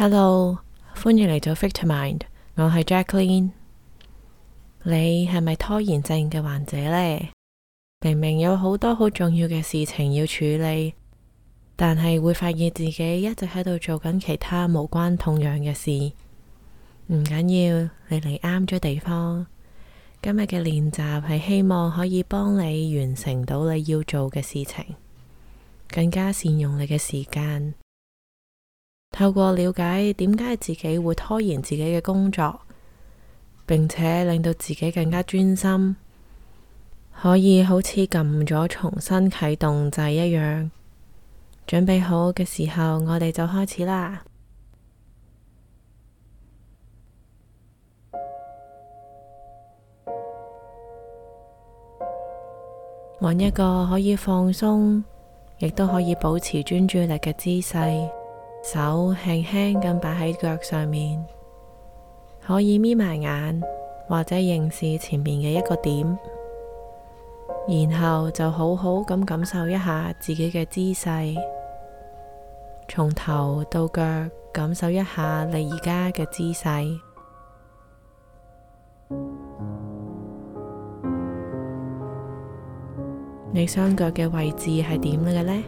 Hello，歡迎嚟到 Vitamind，我係 Jacqueline。你係咪拖延症嘅患者呢？明明有好多好重要嘅事情要處理，但係會發現自己一直喺度做緊其他無關痛癢嘅事。唔緊要，你嚟啱咗地方。今日嘅練習係希望可以幫你完成到你要做嘅事情，更加善用你嘅時間。透過了解點解自己會拖延自己嘅工作，並且令到自己更加專心，可以好似撳咗重新啟動掣一樣，準備好嘅時候，我哋就開始啦。揾一個可以放鬆，亦都可以保持專注力嘅姿勢。手輕輕咁擺喺腳上面，可以眯埋眼或者凝視前面嘅一個點，然後就好好咁感受一下自己嘅姿勢，從頭到腳感受一下你而家嘅姿勢，你雙腳嘅位置係點嘅呢？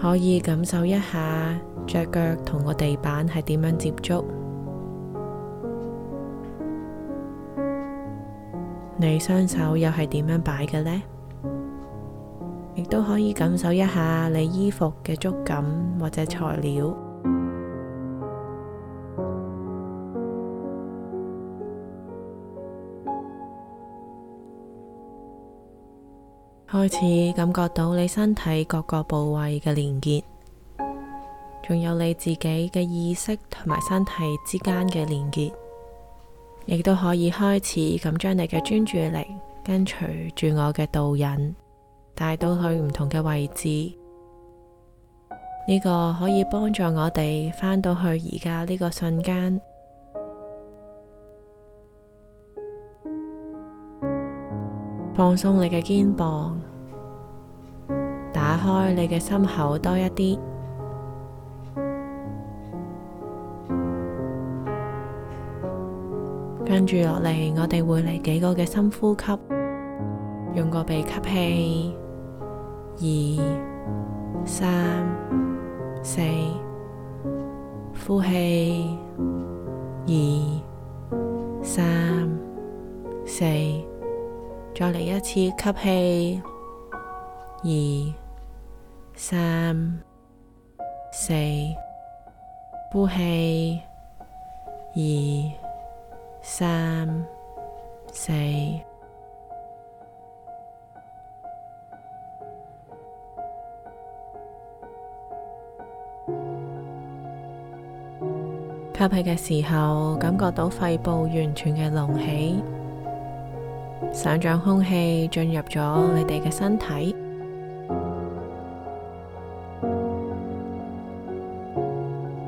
可以感受一下隻腳同個地板係點樣接觸，你雙手又係點樣擺嘅呢？亦都可以感受一下你衣服嘅觸感或者材料。開始感覺到你身體各個部位嘅連結，仲有你自己嘅意識同埋身體之間嘅連結，亦都可以開始咁將你嘅專注力跟隨住我嘅導引帶到去唔同嘅位置。呢、呢個可以幫助我哋返到去而家呢個瞬間。放鬆你嘅肩膀，打開你嘅心口多一啲。跟住落嚟，我哋會嚟幾個嘅深呼吸，用個鼻吸氣，二、三、四，呼氣，二、三、四。再嚟一次，吸氣，二三四，呼氣，二三四。吸氣嘅時候，感覺到肺部完全嘅隆起。想象空氣進入咗你哋嘅身體，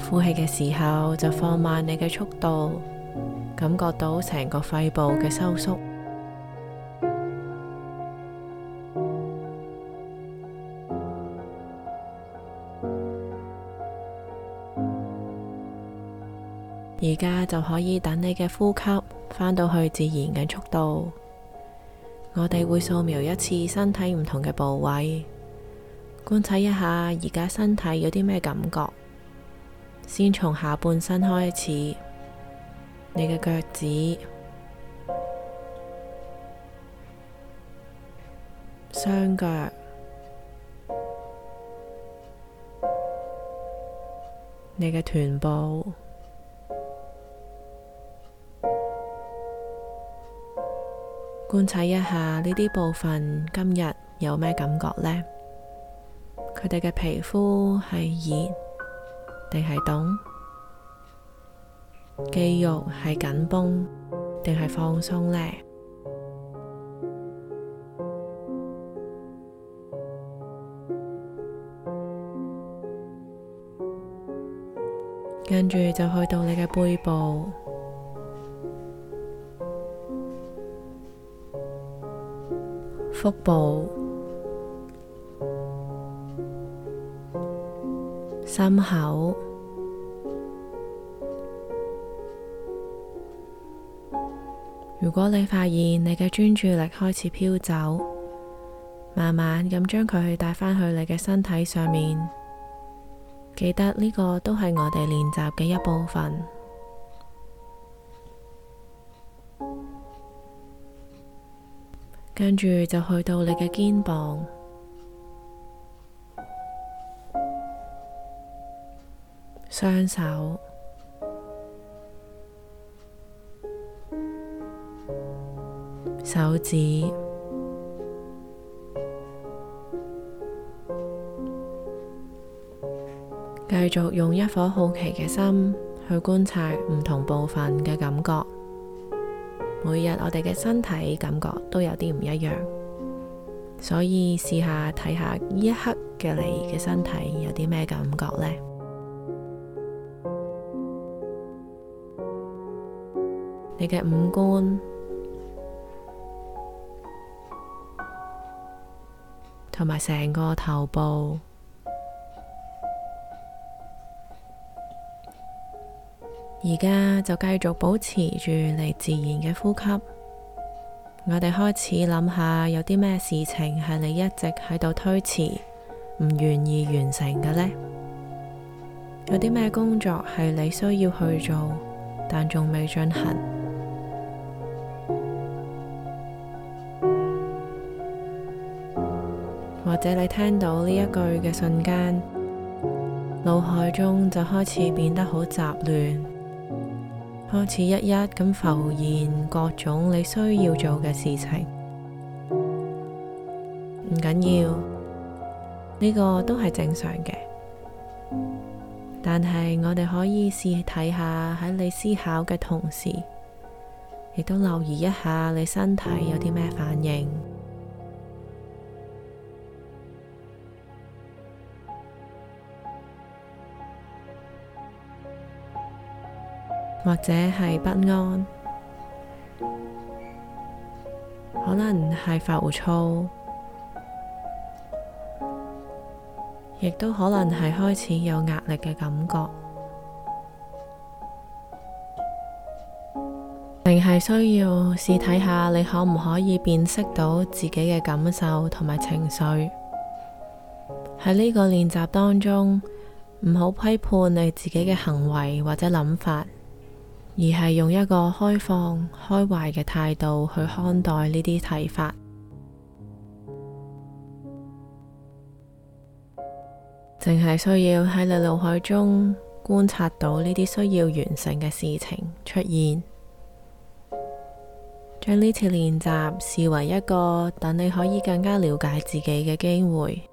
呼氣嘅時候就放慢你嘅速度，感覺到成個肺部嘅收縮。而家就可以等你嘅呼吸返到去自然嘅速度。我哋會掃描一次身體唔同嘅部位，觀察一下而家身體有啲咩感覺。先從下半身開始，你嘅腳趾、雙腳、你嘅臀部。觀察一下呢啲部分今日有咩感覺呢？佢哋嘅皮膚係熱定係凍？肌肉係緊繃定係放鬆呢？跟住就去到你嘅背部。腹部、心口。如果你發現你嘅專注力開始飄走，慢慢咁將佢帶返去你嘅身體上面。記得呢個都係我哋練習嘅一部分。跟住就去到你嘅肩膀、雙手、手指，繼續用一顆好奇嘅心去觀察唔同部分嘅感覺。每日我哋嘅身體感覺都有啲唔一樣，所以試，試一下睇下呢一刻嘅你嘅身體有啲咩感覺呢？你嘅五官同埋成個頭部。而家就繼續保持住你自然嘅呼吸。我哋開始諗下，有啲咩事情係你一直喺度推遲，唔願意完成嘅呢？有啲咩工作係你需要去做，但仲未進行？或者你聽到呢一句嘅瞬間，腦海中就開始變得好雜亂？開始一一咁浮現各種你需要做嘅事情，唔緊要，呢個都係正常嘅。但係我哋可以試睇下喺你思考嘅同時，亦都留意一下你身體有啲咩反應。或者係不安，可能係浮躁，亦都可能係開始有壓力嘅感覺，定係需要試睇下你可唔可以辨識到自己嘅感受同埋情緒。喺呢個練習當中，唔好批判你自己嘅行為或者諗法。而係用一個開放、開懷嘅態度去看待呢啲睇法，淨係 需要喺你腦海中觀察到呢啲需要完成嘅事情出現，將呢 次練習視為一個等你可以更加了解自己嘅機會。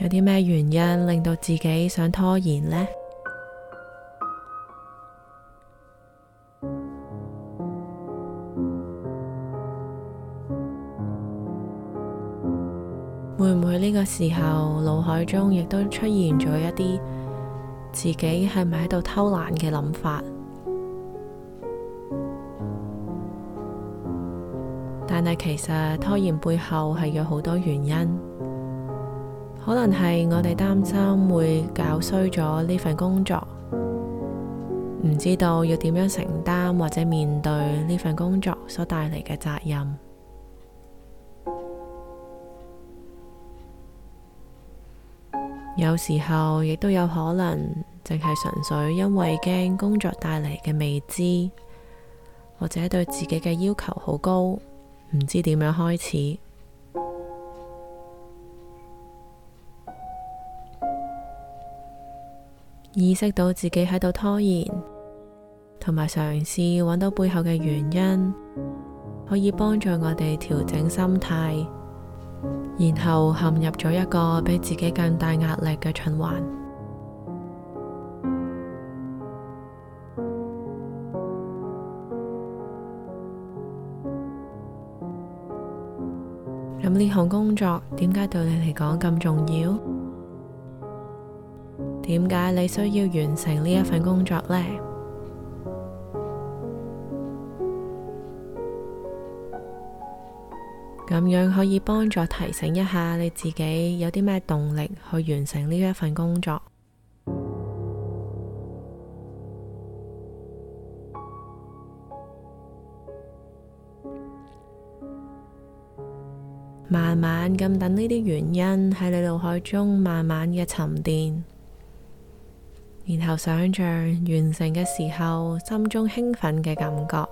有啲咩原因令到自己想拖延呢？會唔會呢個時候腦海中亦都出現咗一啲自己係咪喺度偷懶嘅諗法？但係其實，拖延背後係有好多原因。可能係我哋擔心會搞衰咗呢份工作，唔知道要點樣承擔或者面對呢份工作所帶嚟嘅責任。有時候亦都有可能，淨係純粹因為驚工作帶嚟嘅未知，或者對自己嘅要求好高，唔知點樣開始。意識到自己喺度拖延，同埋嘗試揾到背後嘅原因，可以幫助我哋調整心態，然後陷入咗一個比自己更大壓力嘅循環。咁呢項工作點解對你嚟講咁重要？點解你需要完成呢一份工作呢？咁樣可以幫助提醒一下你自己，有啲咩動力去完成呢一份工作。慢慢咁等呢啲原因喺你腦海中慢慢嘅沉澱。然後想象完成嘅時候，心中興奮嘅感覺。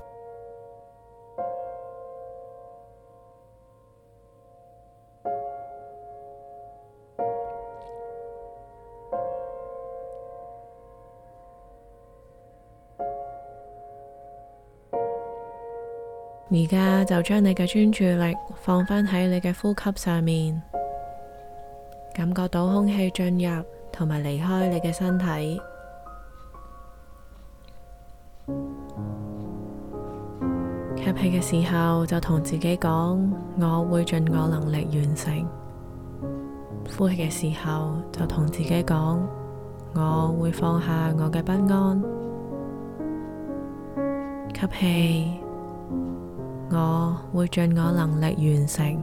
而家就將你嘅專注力放返喺你嘅呼吸上面，感覺到空氣進入。同埋離開你嘅身體，吸氣嘅時候就同自己講，我會盡我能力完成；呼氣嘅時候就同自己講，我會放下我嘅不安。吸氣，我會盡我能力完成。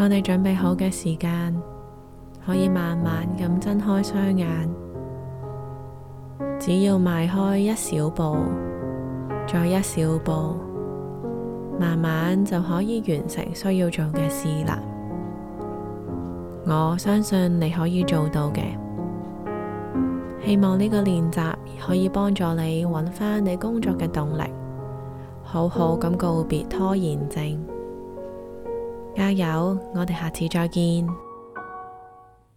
當你準備好嘅時間，可以慢慢咁睜開雙眼，只要邁開一小步，再一小步，慢慢就可以完成需要做嘅事啦。我相信你可以做到嘅，希望呢個練習可以幫助你揾返你工作嘅動力，好好咁告別拖延症。加油！我哋下次再見。